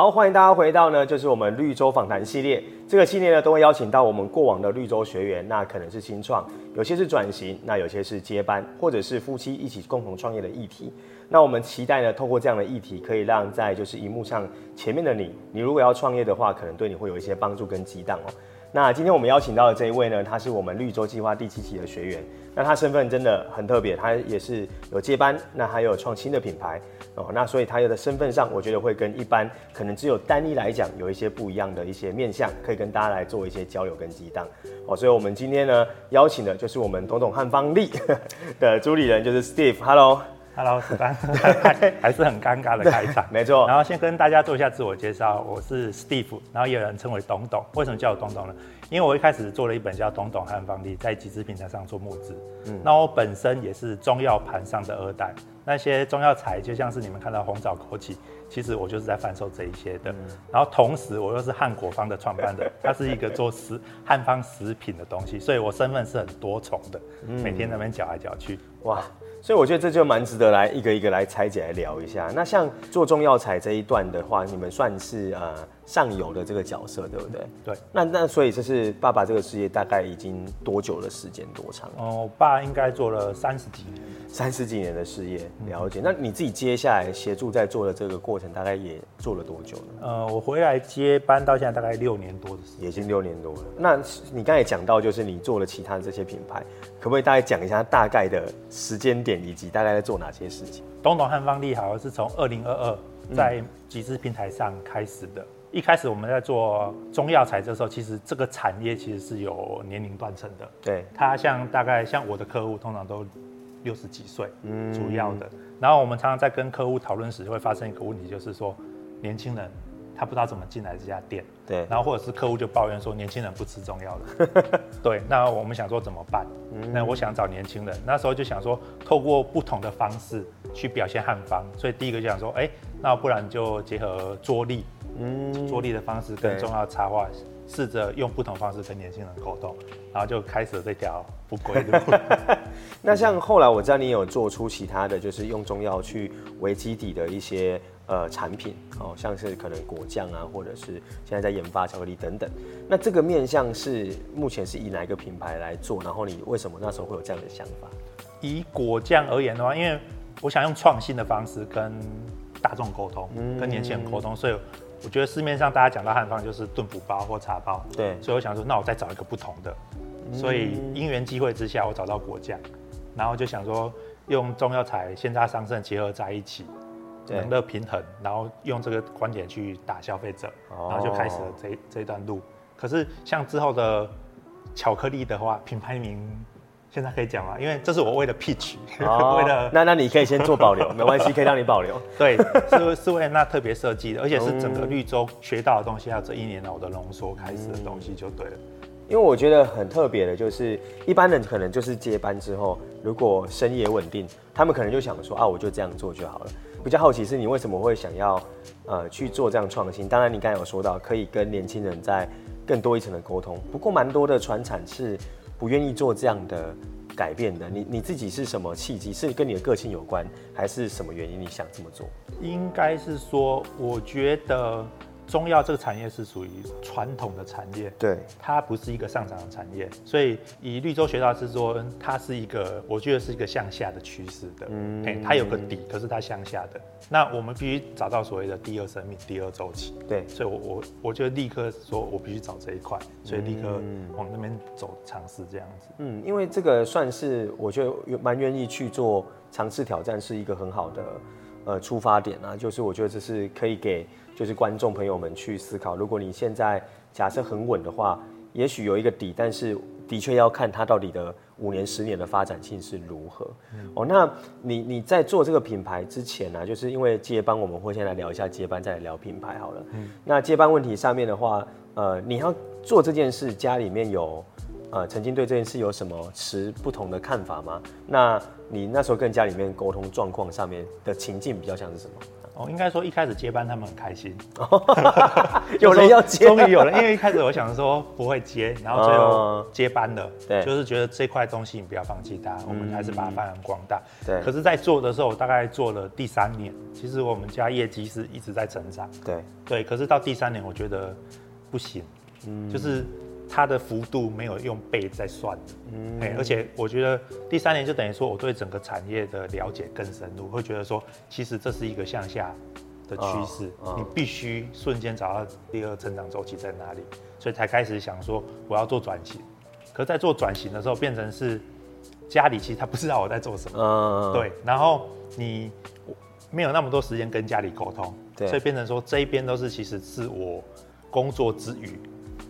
好，歡迎大家回到呢，就是我們綠洲訪談系列。這個系列呢，都會邀請到我們過往的綠洲學員，那可能是新創，有些是轉型，那有些是接班，或者是夫妻一起共同創業的議題。那我們期待呢，透過這樣的議題，可以讓在就是熒幕上前面的你，你如果要創業的話，可能對你會有一些幫助跟激盪哦、喔。那今天我們邀請到的這一位呢，他是我們綠洲計劃第七期的學員。那他身份真的很特別，他也是有接班，那還有創新的品牌哦。那所以他的身份上，我覺得會跟一般可能只有單一來講有一些不一樣的一些面向，可以跟大家來做一些交流跟激盪哦。所以我們今天呢，邀請的就是我們懂懂漢方曆的主理人，就是 Steve，Hello。Hello，石丹， 還是很尷尬的開場，沒錯。然後先跟大家做一下自我介紹，我是 Steve，然後也有人稱為懂懂。為什麼叫我懂懂呢？因為我一開始做了一本叫《懂懂漢方曆》，在集資平台上做募資。嗯，那我本身也是中藥盤商的二代，那些中藥材就像是你們看到紅棗、枸杞，其實我就是在販售這一些的。嗯、然後同時，我又是漢菓方的創辦的，它是一個做食漢方食品的東西，所以我身份是很多重的，每天在那邊攪來攪去、嗯，哇。所以我覺得這就蠻值得來一個一個來拆解來聊一下。那像做中藥材這一段的話，你們算是啊上游的這個角色，對不對？嗯、對，那那所以這是爸爸這個事業大概已經多久的時間多長？哦、嗯，我爸應該做了三十幾年、三十幾年的事業，了解。嗯、那你自己接下來協助在做的這個過程，大概也做了多久呢？呃、嗯，我回來接班到現在大概六年多的時間，也已經六年多了。那你剛才講到，就是你做了其他這些品牌，可不可以大概講一下大概的時間點以及大概在做哪些事情？懂懂漢方利好是從二零二二在集資平台上開始的。嗯一開始我們在做中藥材的時候，其實這個產業其實是有年齡斷層的。對，它像大概像我的客戶通常都六十幾歲，嗯，主要的。嗯、然後我們常常在跟客戶討論時，就會發生一個問題，就是說年輕人他不知道怎麼進來這家店。對。然後或者是客戶就抱怨說年輕人不吃中藥了。 對。那我們想說怎麼辦？嗯、那我想找年輕人，那時候就想說透過不同的方式去表現漢方。所以第一個就想說，哎、欸，那不然就結合桌曆。嗯，作力的方式跟中藥插畫，試着對用不同方式跟年輕人溝通，然後就開始了這條不歸路。 那像後來我知道你有做出其他的就是用中藥去為基底的一些呃產品哦，像是可能果醬啊，或者是現在在研發巧克力等等。那這個面向是目前是以哪一個品牌來做？然後你為什麼那時候會有這樣的想法？以果醬而言的話，因為我想用創新的方式跟大眾溝通，嗯、跟年輕人溝通，所以。我覺得市面上大家講到漢方就是燉補包或茶包，對，所以我想說，那我再找一個不同的，嗯、所以因緣際會之下，我找到果醬，然後就想說用中藥材、鮮榨桑葚結合在一起，對冷熱平衡，然後用這個觀點去打消費者，然後就開始了這、哦、這段路。可是像之後的巧克力的話，品牌名。現在可以講了，因為這是我為了 pitch，、哦、 為了那那你可以先做保留， 沒關係，可以讓你保留。對，是是為了那特別設計的，而且是整個綠洲學到的東西，嗯、還有這一年來的濃縮，開始的東西就對了。嗯嗯、因為我覺得很特別的就是，一般人可能就是接班之後，如果生意也穩定，他們可能就想說啊，我就這樣做就好了。比較好奇是你為什麼會想要呃去做這樣創新？當然你剛才有說到可以跟年輕人在更多一層的溝通，不過蠻多的傳產是。不願意做這樣的改變的，你你自己是什麼契機？是跟你的個性有關，還是什麼原因？你想這麼做，應該是說，我覺得。中藥這個產業是屬於傳統的產業，對，它不是一個上漲的產業，所以以綠洲學到來說，它是一個，我覺得是一個向下的趨勢的，嗯、欸，它有個底，嗯、可是它向下的，那我們必須找到所謂的第二生命、第二周期，對，所以我，我我我覺得立刻說我必須找這一塊，所以立刻往那邊走嘗試這樣子，嗯，因為這個算是我覺得蠻願意去做嘗試挑戰，是一個很好的。呃，出發點啊，就是我覺得這是可以給就是觀眾朋友們去思考。如果你現在假設很穩的話，也許有一個底，但是的確要看它到底的五年、十年的發展性是如何。嗯、哦，那你你在做這個品牌之前呢、啊，就是因為接班，我們會先來聊一下接班，再來聊品牌好了。嗯、那接班問題上面的話，呃，你要做這件事，家裡面有。呃，曾經對這件事有什麼持不同的看法嗎？那你那時候跟家裡面溝通狀況上面的情境比較像是什麼？哦，應該說一開始接班他們很開心， 說有人要接，終於有了。因為一開始我想說不會接，然後最後接班了，嗯、對，就是覺得這塊東西你不要放棄它，我們還是把它發揚光大。嗯、對，可是，在做的時候，我大概做了第三年，其實我們家業績是一直在成長。對對，可是到第三年，我覺得不行，嗯，就是。它的幅度沒有用倍在算的，嗯、欸，而且我覺得第三年就等於說，我對整個產業的了解更深入，會覺得說，其實這是一個向下的趨勢，哦哦、你必須瞬間找到第二成長週期在哪裡，所以才開始想說我要做轉型。可是在做轉型的時候，變成是家裡其實他不知道我在做什麼，嗯、哦，對，然後你沒有那麼多時間跟家裡溝通，對所以變成說這一邊都是其實是我工作之餘。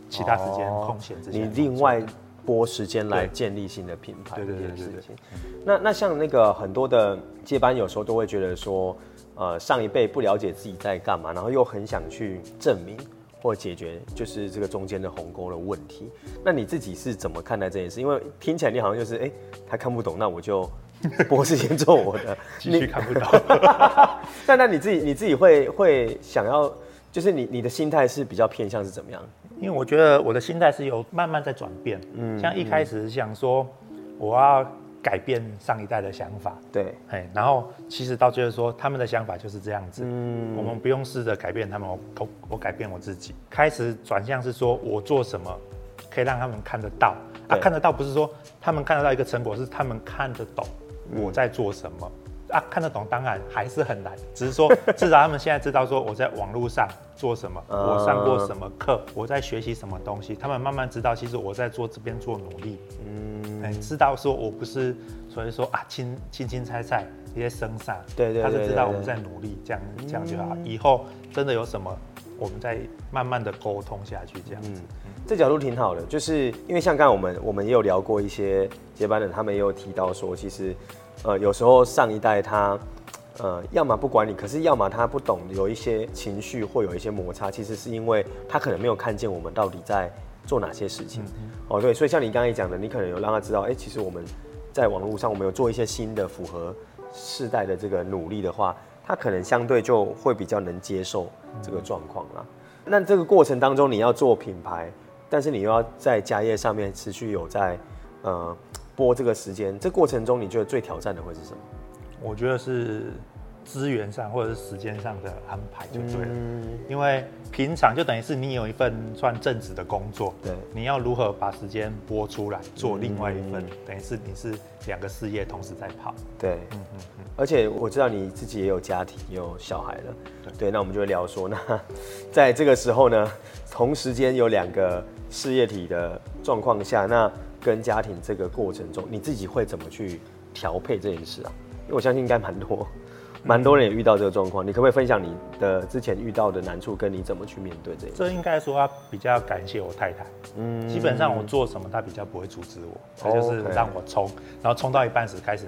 其他時間、哦、空閒，這些你另外撥時間來建立新的品牌，這件事情，對對對。那那像那個很多的接班，有時候都會覺得說，呃，上一輩不了解自己在幹嘛，然後又很想去證明或解決，就是這個中間的鴻溝的問題。那你自己是怎麼看待這件事？因為聽起來你好像就是，哎、欸，他看不懂，那我就撥時間做我的，繼 續看不懂。那那你, 你自己你自己會會想要，就是你你的心態是比較偏向是怎麼樣？因為我覺得我的心態是有慢慢在轉變，嗯，嗯，像一開始想說我要改變上一代的想法，對，哎，然後其實到最後說他們的想法就是這樣子，嗯，我們不用試着改變他們，我我改變我自己，開始轉向是說我做什麼可以讓他們看得到，對啊，看得到不是說他們看得到一個成果，是他們看得懂我在做什麼。嗯啊、看得懂當然還是很難，只是說至少他們現在知道說我在網絡上做什麼， 我上過什麼課，我在學習什麼東西，嗯、他們慢慢知道其實我在做這邊做努力，嗯、欸，知道說我不是所，所以說啊，輕輕輕菜菜一些身上，對對，對，對對，他就知道我們在努力，對對對對，這樣這樣就好，嗯、以後真的有什麼，我們再慢慢的溝通下去，這樣子，嗯嗯、這角度挺好的，就是因為像剛剛我們我們也有聊過一些接班人，他們也有提到說其實。呃，有時候上一代他，呃，要麼不管你，可是要麼他不懂，有一些情緒或有一些摩擦，其實是因為他可能沒有看見我們到底在做哪些事情。嗯哼。哦，對，所以像你剛才講的，你可能有讓他知道，哎、欸，其實我們在網絡上我們有做一些新的符合世代的這個努力的話，他可能相對就會比較能接受這個狀況了。嗯、那這個過程當中，你要做品牌，但是你又要在家業上面持續有在，呃。播這個時間，這過程中，你覺得最挑戰的會是什麼？我覺得是資源上或者是時間上的安排就對了，嗯、因為平常就等於是你有一份算正職的工作，對，你要如何把時間撥出來做另外一份，嗯、等於是你是兩個事業同時在跑。對，嗯嗯嗯。而且我知道你自己也有家庭，也有小孩了，對，對，那我們就會聊說，那在這個時候呢，同時間有兩個事業體的狀況下，那。跟家庭這個過程中，你自己會怎麼去調配這件事啊？因為我相信應該蠻多，蠻多人也遇到這個狀況。嗯、你可不可以分享你的之前遇到的難處，跟你怎麼去面對這個？這應該說他比較感謝我太太。嗯，基本上我做什麼，他比較不會阻止我，嗯、他就是讓我衝，okay 然後衝到一半時開始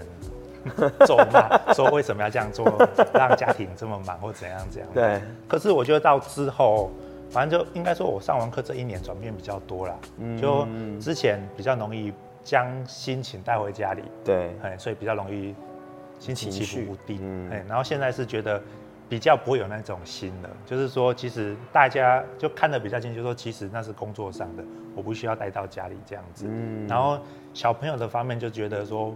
很咒罵， 說為什麼要這樣做， 讓家庭這麼忙或怎樣怎樣。對。可是我覺得到之後。反正就應該說，我上完課這一年轉變比較多啦、嗯、就之前比較容易將心情帶回家裡，對，所以比較容易心情起伏不定、嗯。然後現在是覺得比較不會有那種心了，嗯、就是說，其實大家就看得比較清楚，就是說其實那是工作上的，我不需要帶到家裡這樣子。嗯、然後小朋友的方面就覺得說。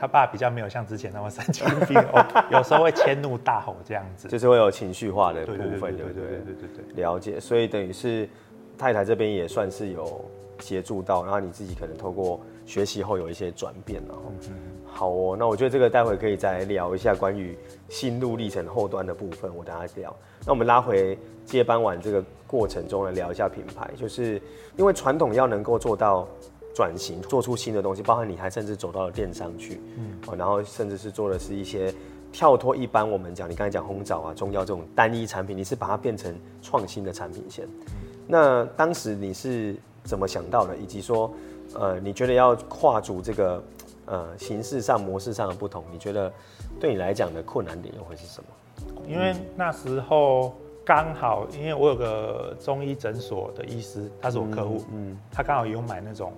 他爸比較沒有像之前那麼神經病， 有時候會遷怒大吼這樣子，就是會有情緒化的部分，對對對，對，對，對，對，對，對，對，了解。所以等於是太太這邊也算是有協助到，然後你自己可能透過學習後有一些轉變哦、喔，嗯、哼好哦、喔，那我覺得這個待會可以再聊一下關於心路歷程後端的部分，我等下聊。那我們拉回接班完這個過程中來聊一下品牌，就是因為傳統要能夠做到。轉型做出新的東西，包括你還甚至走到了電商去，嗯、哦，然後甚至是做的是一些跳脫一般我們講，你剛才講紅棗啊、中藥這種單一產品，你是把它變成創新的產品線。嗯、那當時你是怎麼想到的？以及說，呃，你覺得要跨足這個，呃，形式上模式上的不同，你覺得對你來講的困難點又會是什麼？因為那時候剛好因為我有個中醫診所的醫師，他是我客戶，嗯，嗯他剛好也有買那種。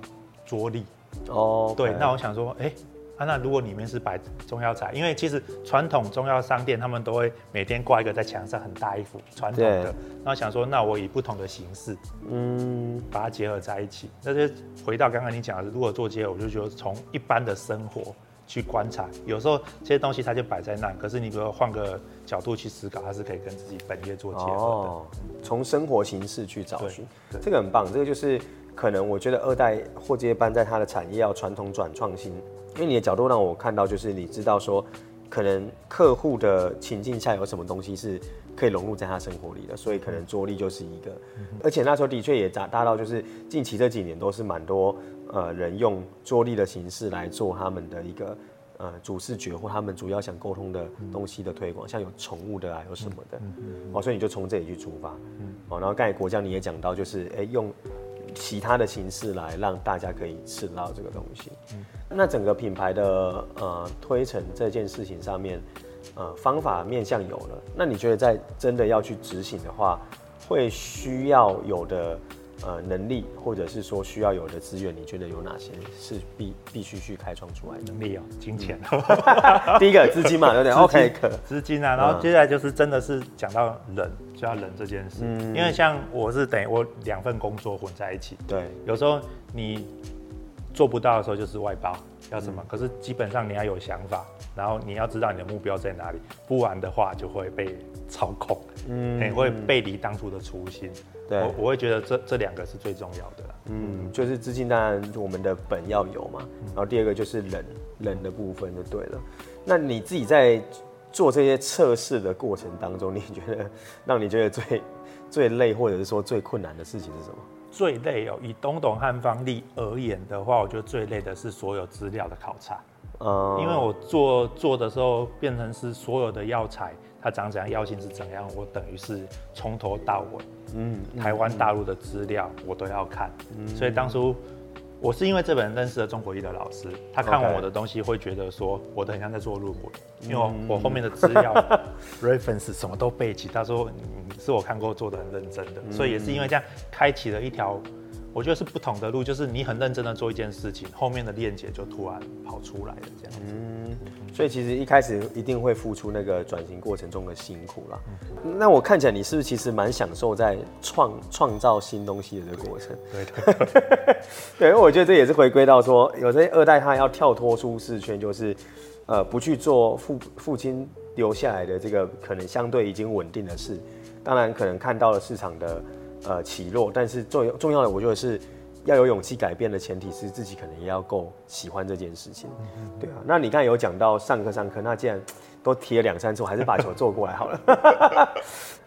多立哦，oh, okay. 對，那我想說，哎、欸啊，那如果裡面是擺中藥材，因為其實傳統中藥商店他們都會每天掛一個在牆上很大一幅傳統的，對那我想說，那我以不同的形式，嗯，把它結合在一起，嗯、那就回到剛剛你講的如何做結合。我就覺得從一般的生活去觀察，有時候這些東西它就擺在那，可是你如果換個角度去思考，它是可以跟自己本業做結合的。哦，從生活形式去找尋，對對，這個很棒，這個就是。可能我覺得二代或接班在他的產業要傳統轉創新，因為你的角度讓我看到就是你知道說，可能客戶的情境下有什麼東西是可以融入在他生活裡的，所以可能桌曆，就是一個，而且那時候的確也達到就是近期這幾年都是蠻多呃人用桌曆的形式來做他們的一個呃主視覺或他們主要想溝通的東西的推廣，像有寵物的啊，有什麼的哦，所以你就從這裡去出發哦，然後剛才國家你也講到就是哎、欸、用。其他的形式來讓大家可以吃到這個東西，嗯、那整個品牌的呃推陳這件事情上面，呃方法面向有了，那你覺得在真的要去執行的話，會需要有的？呃，能力或者是說需要有的資源，你覺得有哪些是必必須去開創出來的？能力、喔、金錢。嗯、 第一個資金嘛，有點 OK，資金啊。然後接下來就是真的是講到人，嗯、就要人這件事。因為像我是等於我兩份工作混在一起。對，有時候你做不到的時候就是外包，要什麼？嗯、可是基本上你要有想法，然後你要知道你的目標在哪裡，不然的話就會被操控，嗯、欸，會背離當初的初心。對我我會覺得這這兩個是最重要的。嗯，就是資金當然我們的本要有嘛，然後第二個就是人，人的部分就對了。那你自己在做這些測試的過程當中，你覺得讓你覺得最最累或者是說最困難的事情是什麼？最累哦、喔，以懂懂漢方曆而言的話，我覺得最累的是所有資料的考察。嗯，因為我做做的時候變成是所有的藥材。他長怎樣，藥性是怎樣，我等於是從頭到尾，嗯，嗯，台灣、大陸的資料我都要看，嗯、所以當初我是因為這本人認識了中國醫的老師，他看完我的東西 Okay. 會覺得說，我都很像在做論文，因為我後面的資料 reference、嗯、 什麼都背起，他說你是我看過做得很認真的，嗯、所以也是因為這樣開啟了一條。我覺得是不同的路，就是你很認真的做一件事情，後面的鏈接就突然跑出來了這樣子。嗯，所以其實一開始一定會付出那個轉型過程中的辛苦啦。那我看起來你是不是其實蠻享受在創創造新東西的這個過程？對，對對對， 對，我覺得這也是回歸到說，有這些二代他要跳脫舒適圈，就是呃不去做父父親留下來的這個可能相對已經穩定的事，當然可能看到了市場的。呃，起落，但是重要重要的，我覺得是要有勇氣改變，的前提是自己可能也要夠喜歡這件事情，對啊。那你剛才有講到上課上課，那既然都提了兩三次，我還是把球做過來好了，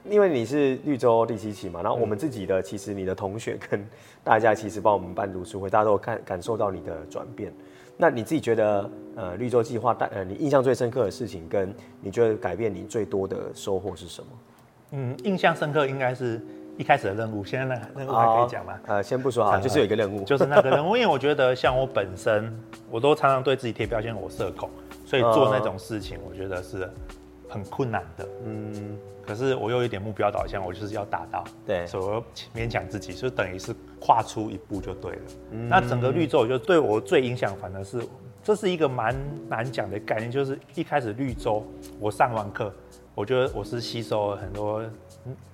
因為你是綠洲第七期嘛。然後我們自己的，嗯、其實你的同學跟大家其實幫我們辦讀書會，大家都有看，感受到你的轉變。那你自己覺得，呃，綠洲計劃，帶，呃，你印象最深刻的事情，跟你覺得改變你最多的收穫是什麼？嗯，印象深刻應該是。一開始的任務，現在那任務還可以講嗎？呃、啊，先不說 就是有一個任務，就是那個任務。因為我覺得，像我本身，我都常常對自己貼標籤，我社恐，所以做那種事情，我覺得是很困難的。嗯，可是我又有一點目標導向，我就是要達到，對，所以我勉強自己，所以等於是跨出一步就對了。嗯、那整個綠洲，我覺得對我最影響反而是，這是一個蠻難講的概念，就是一開始綠洲，我上完課，我覺得我是吸收了很多。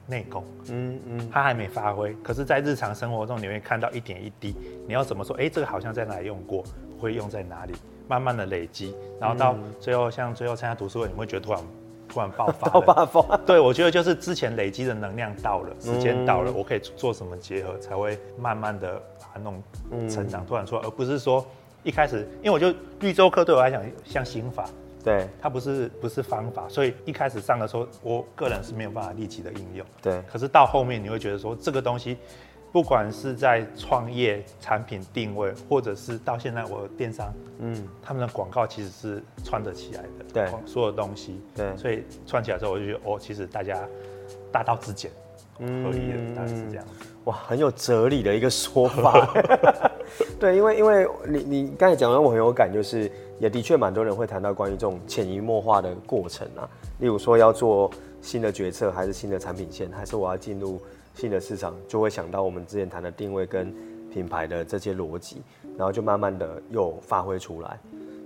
內功，嗯嗯，它還沒發揮。可是，在日常生活中，你會看到一點一滴。你要怎麼說？哎、欸，這個好像在哪裡用過？會用在哪裡？慢慢的累積，然後到最後，像最後參加讀書會，你會覺得突然，突然爆發。爆發？對，我覺得就是之前累積的能量到了，時間到了，我可以做什麼結合，才會慢慢的把它弄成長，突然出來，嗯、而不是說一開始，因為我就綠洲課對我來講，像心法。對，它不是不是方法，所以一開始上的時候，我個人是沒有辦法立即的應用。對，可是到後面你會覺得說這個東西，不管是在創業、產品定位，或者是到現在我的電商，嗯，他們的廣告其實是串得起來的。對、啊，所有東西。對，所以串起來之後，我就覺得哦，其實大家大道至簡，合理的但是這樣。哇，很有哲理的一個說法。 對，因為因為你你剛才講的我很有感，就是也的確蠻多人會談到關於這種潛移默化的過程啊，例如說要做新的決策，還是新的產品線，還是我要進入新的市場，就會想到我們之前談的定位跟品牌的這些邏輯，然後就慢慢的又發揮出來。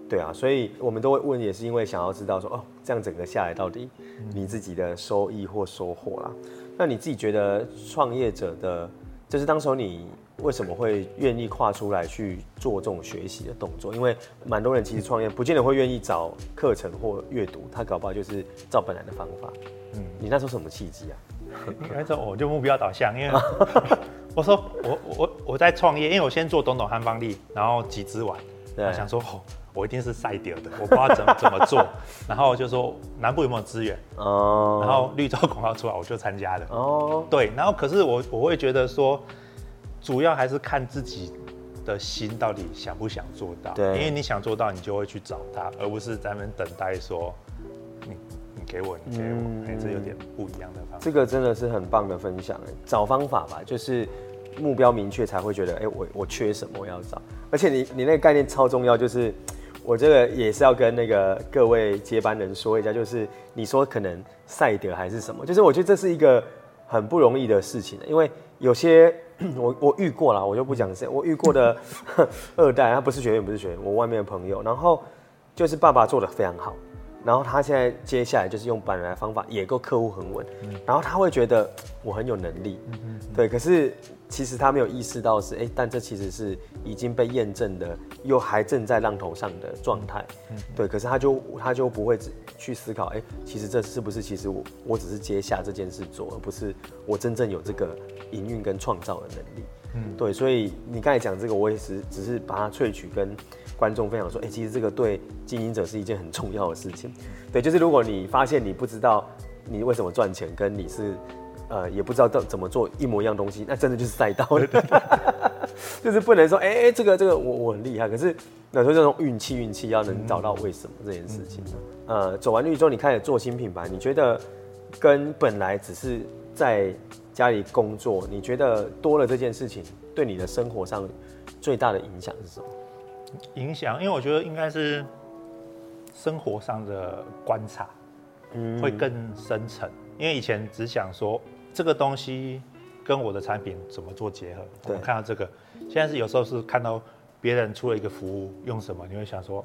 對啊，所以我們都會問，也是因為想要知道說哦，這樣整個下來到底你自己的收益或收穫啦？那你自己覺得創業者的，就是當時候你。為什麼會願意跨出來去做這種學習的動作？因為蠻多人其實創業不見得會願意找課程或閱讀，他搞不好就是照本來的方法。嗯，你那時候什麼契機啊？那時候我就目標導向，因為我說我我我在創業，因為我先做懂懂漢方曆，然後集資完，想說對、哦、我一定是賽掉的，我不知道怎麼 怎麼做，然後就說南部有沒有資源？哦，然後綠洲廣告出來，我就參加了。哦，對，然後可是我我會覺得說。主要還是看自己的心到底想不想做到，對，因為你想做到，你就會去找他，而不是咱們等待說你你給我你給我，嗯欸，這有點不一樣的方法。這個真的是很棒的分享，欸，找方法吧，就是目標明確才會覺得，哎、欸，我我缺什麼我要找，而且你你那個概念超重要，就是我這個也是要跟那個各位接班人說一下，就是你說可能賽德還是什麼，就是我覺得這是一個很不容易的事情，欸，因為有些。我我遇過了，我就不講這些，我遇過的二代，他不是學員，不是學員，我外面的朋友。然後，就是爸爸做得非常好。然後他現在接下來就是用本來的方法，也夠客戶很穩，嗯、然後他會覺得我很有能力，嗯，嗯對。可是其實他沒有意識到是哎，但這其實是已經被驗證的，又還正在浪頭上的狀態，嗯、哼對。可是他就他就不會只去思考哎，其實這是不是其實我我只是接下這件事做，而不是我真正有這個營運跟創造的能力，嗯，對。所以你剛才講這個，我也是只是把它萃取跟觀眾分享說：“哎、欸，其實這個對經營者是一件很重要的事情。對，就是如果你發現你不知道你為什麼賺錢，跟你是呃也不知道怎怎麼做一模一樣東西，那真的就是賽道了。對對對對 就是不能說哎哎、欸，這個這個我我很厲害，可是那時候這種運氣運氣要能找到為什麼、嗯、這件事情、嗯嗯、呃，走完綠洲，你開始做新品牌，你覺得跟本來只是在家裡工作，你覺得多了這件事情對你的生活上最大的影響是什麼？”影響，因為我覺得應該是生活上的觀察會更深層。嗯、因為以前只想說這個東西跟我的產品怎麼做結合。對我們看到這個，現在是有時候是看到別人出了一個服務，用什麼你會想說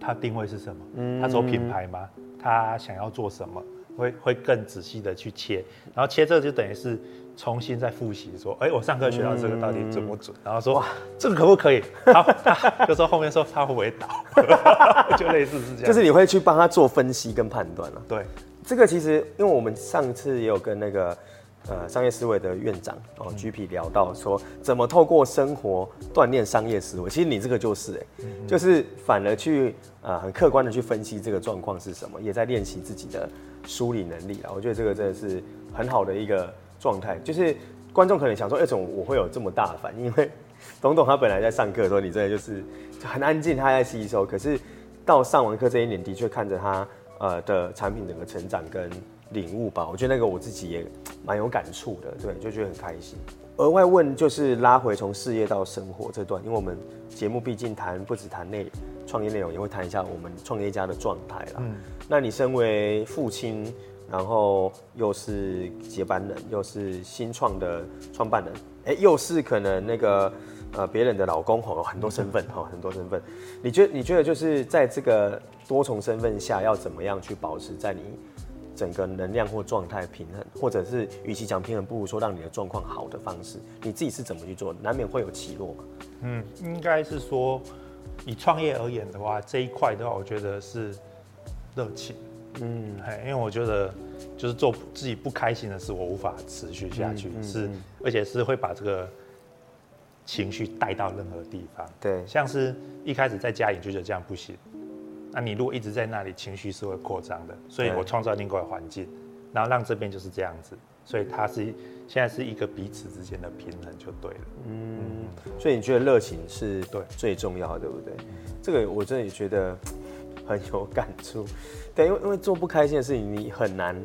他定位是什麼？嗯、他做品牌嗎？他想要做什麼？會會更仔細的去切，然後切這個就等於是。重新再複習，說，哎、欸，我上課學到這個到底準不準？嗯、然後說哇，這個可不可以？好 就說，後面說他會不會倒， 就類似是這樣。就是你會去幫他做分析跟判斷了、啊。對，這個其實因為我們上次也有跟那個呃商業思維的院長哦、喔、G P 聊到說，嗯、怎麼透過生活鍛鍊商業思維。其實你這個就是、欸，哎、嗯，就是反而去呃很客觀的去分析這個狀況是什麼，也在練習自己的梳理能力啊，我覺得這個真的是很好的一個。狀態就是觀眾可能想說，哎、欸，怎麼我會有這麼大的反應？因為董董他本來在上課的時候，你真的就是就很安靜，他還在吸收。可是到上完課這一年，的確看着他的呃的產品整個成長跟領悟吧，我覺得那個我自己也蠻有感觸的，對，就覺得很開心。額外問就是拉回從事業到生活這段，因為我們節目畢竟談不只談內容、創業內容，也會談一下我們創業家的狀態啦。嗯，那你身為父親？然後又是接班人，又是新創的創辦人，哎，又是可能那個呃別人的老公，吼、哦、很多身份，吼、哦、很多身份。你覺得你覺得就是在這個多重身份下，要怎麼樣去保持在你整個能量或狀態平衡，或者是與其講平衡，不如說讓你的狀況好的方式，你自己是怎麼去做？難免會有起落嗎？嗯，應該是說以創業而言的話，這一塊的話，我覺得是熱情。嗯，因為我覺得，就是做自己不開心的事，我無法持續下去，嗯嗯嗯、是，而且是會把這個情緒帶到任何地方。對，像是一開始在家裡你就覺得這樣不行，那你如果一直在那裡，情緒是會擴張的。所以我創造另外環境，對然後讓這邊就是這樣子，所以它是現在是一個彼此之間的平衡就對了。嗯，所以你覺得熱情是對最重要的，對不對？對這個我真的也覺得。很有感觸，對，因為因為做不開心的事情，你很難，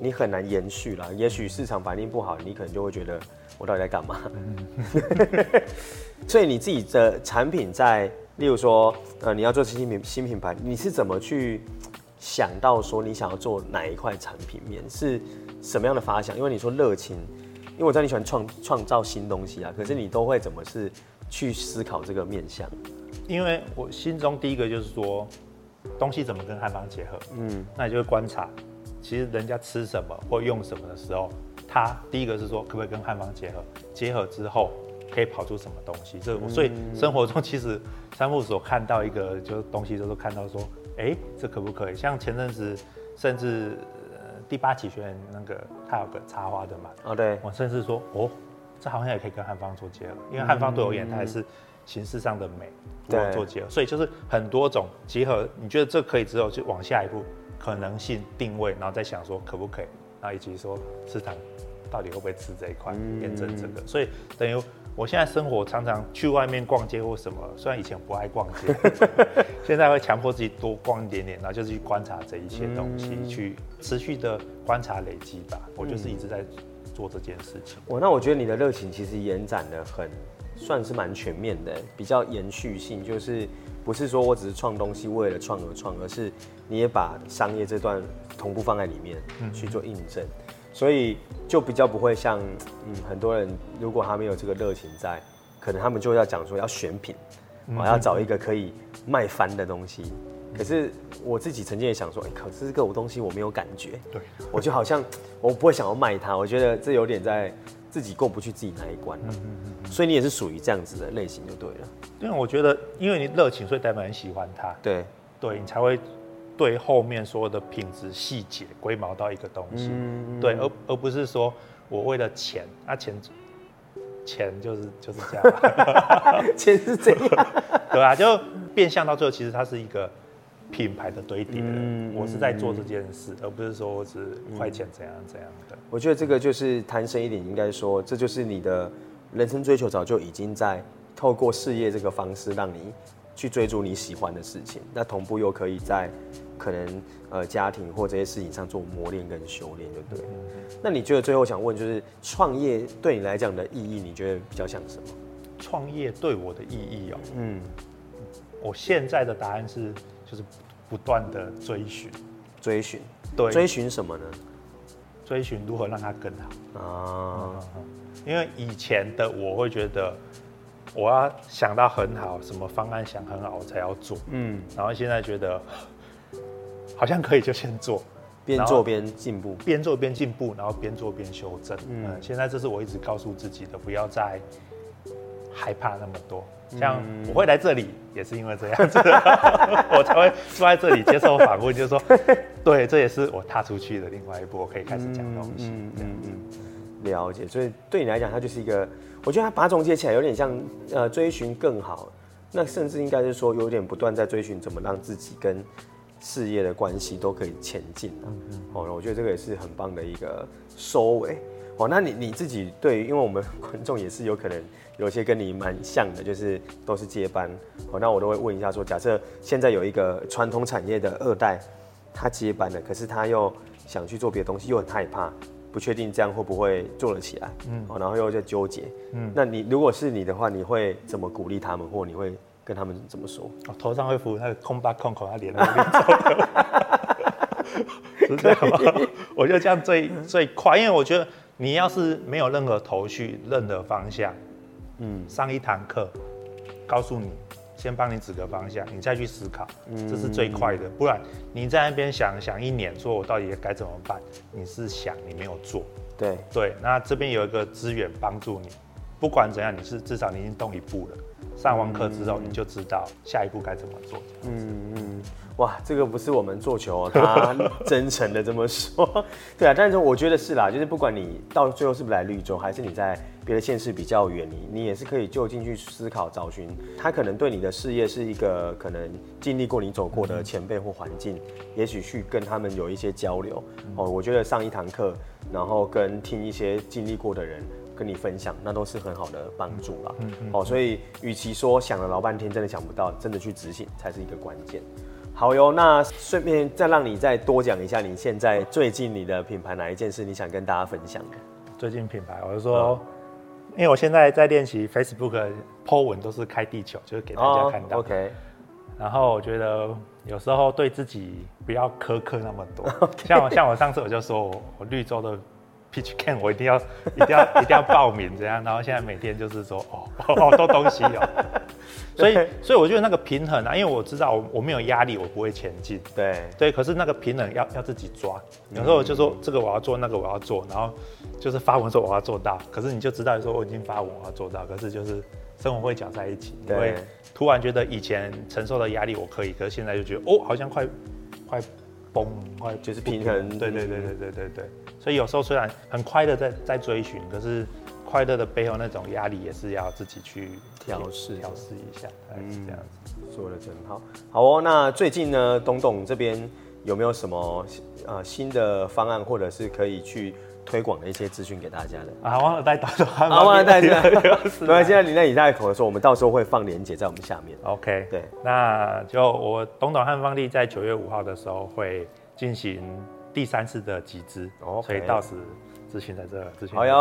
你很難延續了。也許市場反應不好，你可能就會覺得我到底在幹嘛？嗯、 所以你自己的產品在，例如說，呃，你要做新品新品牌，你是怎麼去想到說你想要做哪一塊產品，面是什麼樣的發想？因為你說熱情，因為我知道你喜歡創創造新東西啊，嗯、可是你都會怎麼是去思考這個面向？因為我心中第一個就是說。東西怎麼跟漢方結合？嗯，那你就會觀察，其實人家吃什麼或用什麼的時候，他第一個是說可不可以跟漢方結合，結合之後可以跑出什麼東西？這所以生活中其實三、嗯嗯、木所看到一個就是東西，就是看到說，哎、欸，這可不可以？像前陣子甚至、呃、第八期學員那個他有個插花的嘛，哦對，我甚至說哦，這好像也可以跟漢方做結合，因為漢方對我而言，它還是。嗯嗯形式上的美，然後做結合，對所以就是很多種結合。你覺得這可以之後就往下一步可能性定位，然後再想說可不可以，然後以及說市場到底會不會吃這一塊，驗、嗯、證這個。所以等於我現在生活常常去外面逛街或什麼，雖然以前不愛逛街， 現在會強迫自己多逛一點點，然後就是去觀察這一些東西，嗯、去持續的觀察累積吧。我就是一直在做這件事情。我、嗯哦、那我覺得你的熱情其實延展得很。算是蠻全面的，比較延續性，就是不是說我只是創東西為了創而創，而是你也把商業這段同步放在裡面去做印證，嗯、所以就比較不會像嗯很多人如果他沒有這個熱情在，可能他們就要講說要選品，我、嗯、要找一個可以賣翻的東西。嗯、可是我自己曾經也想說、欸，可是這個東西我沒有感覺，對我就好像我不會想要賣它，我覺得這有點在。自己過不去自己那一關、啊，所以你也是屬於這樣子的類型就對了、嗯。嗯嗯、因為我覺得，因為你熱情，所以代表很喜歡他。對，對，對你才會對後面所有的品質細節龜毛到一個東西、嗯。嗯、對，而而不是說我為了錢，啊錢，錢就是就是這樣。 錢是這樣， 對吧、啊？就變相到最後，其實它是一個。品牌的堆疊，嗯、我是在做這件事，嗯、而不是說我只一塊錢怎樣怎樣的。我覺得這個就是談深一點應，應該說這就是你的人生追求，早就已經在透過事業這個方式，讓你去追逐你喜歡的事情。那同步又可以在可能呃家庭或這些事情上做磨練跟修煉，就對了。嗯、那你覺得最後想問，就是創業對你來講的意義，你覺得比較像什麼？創業對我的意義哦、喔，嗯，我現在的答案是。就是不斷的追尋，追尋，對，追尋什麼呢？追尋如何讓它更好啊，嗯嗯。因為以前的我會覺得，我要想到很好，什麼方案想很好，我才要做。嗯，然後現在覺得好像可以就先做，邊做邊進步，邊做邊進步，然後邊做邊修正。嗯，嗯，現在這是我一直告訴自己的，不要再。害怕那麼多，像我會來這裡，嗯，也是因為這樣子，嗯，我才會坐在這裡接受訪問， 就是說，對，這也是我踏出去的另外一步，我可以開始講東西，嗯。嗯，嗯，嗯，了解。所以對你來講，它就是一個，我覺得它把它總結起來有點像呃，追尋更好，那甚至應該是說有點不斷在追尋怎麼讓自己跟事業的關係都可以前進的啊。嗯嗯，哦，我覺得這個也是很棒的一個收尾。哦，那你你自己對於，因為我們觀眾也是有可能。有些跟你蠻像的，就是都是接班好。那我都會問一下說，假設現在有一個傳統產業的二代，他接班了，可是他又想去做別的東西，又很害怕，不確定這樣會不會做得起來，嗯，然後又在糾結，嗯，那你如果是你的話，你會怎麼鼓勵他們，或你會跟他們怎麼說？我、哦、頭上會服他的空八空口，他臉那邊走，的 是這樣嗎？以我就這樣最最快，因為我覺得你要是沒有任何頭緒、任何方向。嗯嗯，上一堂課，告訴你，先幫你指個方向，你再去思考，嗯，這是最快的。不然你在那邊想想一年，說我到底該怎麼辦？你是想你沒有做。對對，那這邊有一個資源幫助你，不管怎樣，你是至少你已經動一步了。上完課之後，你就知道下一步該怎麼做，這樣子。嗯。嗯嗯。哇，這個不是我們做球，啊，他真誠的這麼說。對啊，但是我覺得是啦，就是不管你到最後是不是來綠洲，還是你在別的縣市比較遠，你你也是可以就近去思考，找尋他可能對你的事業是一個可能經歷過你走過的前輩或環境，嗯、也許去跟他們有一些交流。嗯、哦，我覺得上一堂課，然後跟聽一些經歷過的人跟你分享，那都是很好的幫助吧嗯，嗯，嗯哦，所以與其說想了老半天，真的想不到，真的去執行才是一個關鍵。好喲，那順便再讓你再多講一下，你現在最近你的品牌哪一件事你想跟大家分享的？最近品牌，我就說，嗯、因為我現在在練習 Facebook 的 Po 文都是開地球，就是給大家看到。Oh, OK。然後我覺得有時候對自己不要苛刻那麼多。Okay. 像我像我上次我就說我我綠洲的。Pitch Camp 我一定要，一定要，一定要報名這樣， 然後現在每天就是說，哦，好、哦、多、哦、東西哦， 對所以，所以我覺得那個平衡啊，因為我知道我我沒有壓力，我不會前進，對，對，可是那個平衡要要自己抓，有時候就說、嗯、這個我要做，那個我要做，然後就是發文說我要做到，可是你就知道說我已經發文我要做到，可是就是生活會攪在一起，因為對突然覺得以前承受的壓力我可以，可是現在就覺得哦，好像快快崩，快就是平衡，平衡對對對對對對對。所以有時候雖然很快樂在在追尋，可是快樂的背後那種壓力也是要自己去調試調試一下，是、嗯、這樣子。說得真好，好哦。那最近呢，懂懂這邊有沒有什麼呃新的方案，或者是可以去推廣的一些資訊給大家的？啊，忘了帶、啊，忘了帶，對，現在你在你帶口的時候，我們到時候會放連結在我們下面。OK，對，那就我懂懂漢方曆在九月五號的時候會進行第三次的集資，哦 Okay，所以到此之前在這，之前好喲，哎、呦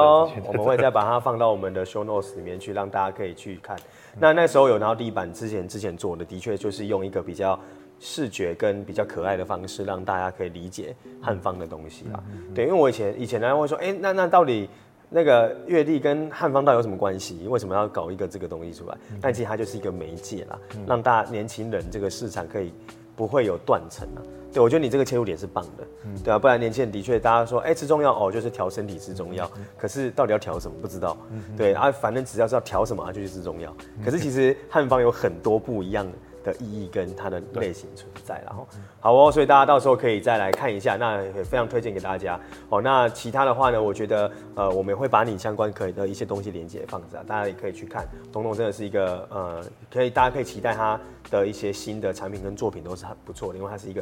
我們會再把它放到我們的 show notes 裡面去，讓大家可以去看。嗯、那那時候有拿到地板之前之前做的，的確就是用一個比較視覺跟比較可愛的方式，讓大家可以理解漢方的東西啊。嗯嗯、對，因為我以前以前呢會說，哎、欸，那那到底那個月曆，跟漢方到底有什麼關係？為什麼要搞一個這個東西出來？但、嗯、其實它就是一個媒介啦，嗯、讓大家年輕人這個市場可以不會有斷層啊。對，我覺得你這個切入點是棒的，嗯，對啊，不然年輕人的確，大家說，哎、欸，吃中藥哦，就是調身體吃中藥，嗯嗯、可是到底要調什麼不知道，嗯，嗯對啊，反正只要知道調什麼啊，就吃、是、中藥。嗯、可是其實漢、嗯、方有很多不一樣的意義跟它的類型存在，然後對好哦，所以大家到時候可以再來看一下，那也非常推薦給大家哦。那其他的話呢，我覺得，呃，我們也會把你相關可以的一些東西連結放上，大家也可以去看。懂懂真的是一個，呃，可以，大家可以期待他的一些新的產品跟作品都是很不錯的，因為他是一個。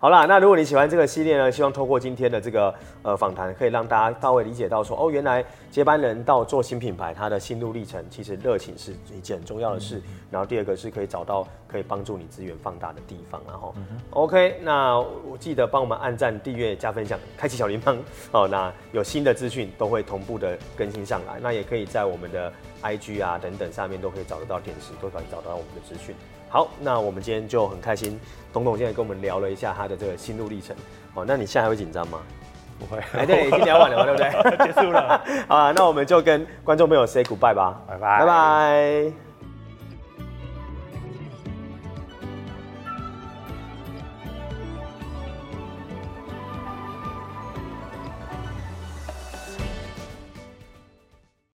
好啦，那如果你喜歡這個系列呢，希望透過今天的這個呃訪談，訪談可以讓大家到位理解到說，哦，原來接班人到做新品牌，他的心路歷程，其實熱情是一件很重要的事。嗯嗯、然後第二個是可以找到可以幫助你資源放大的地方、啊。然後、嗯、哼，OK，那我記得幫我們按讚、訂閱、加分享，開啟小鈴鐺。哦，那有新的資訊都會同步的更新上來。那也可以在我們的 IG 啊等等上面都可以找得到點拾都可以找到我們的資訊。好，那我們今天就很開心，懂懂現在跟我們聊了一下他的這個心路歷程。哦，那你現在還會緊張嗎？不會，哎、欸、對，我已經聊完了嘛對不對？ 結束了。 好，那我們就跟觀眾朋友 say goodbye 吧，拜拜，拜拜。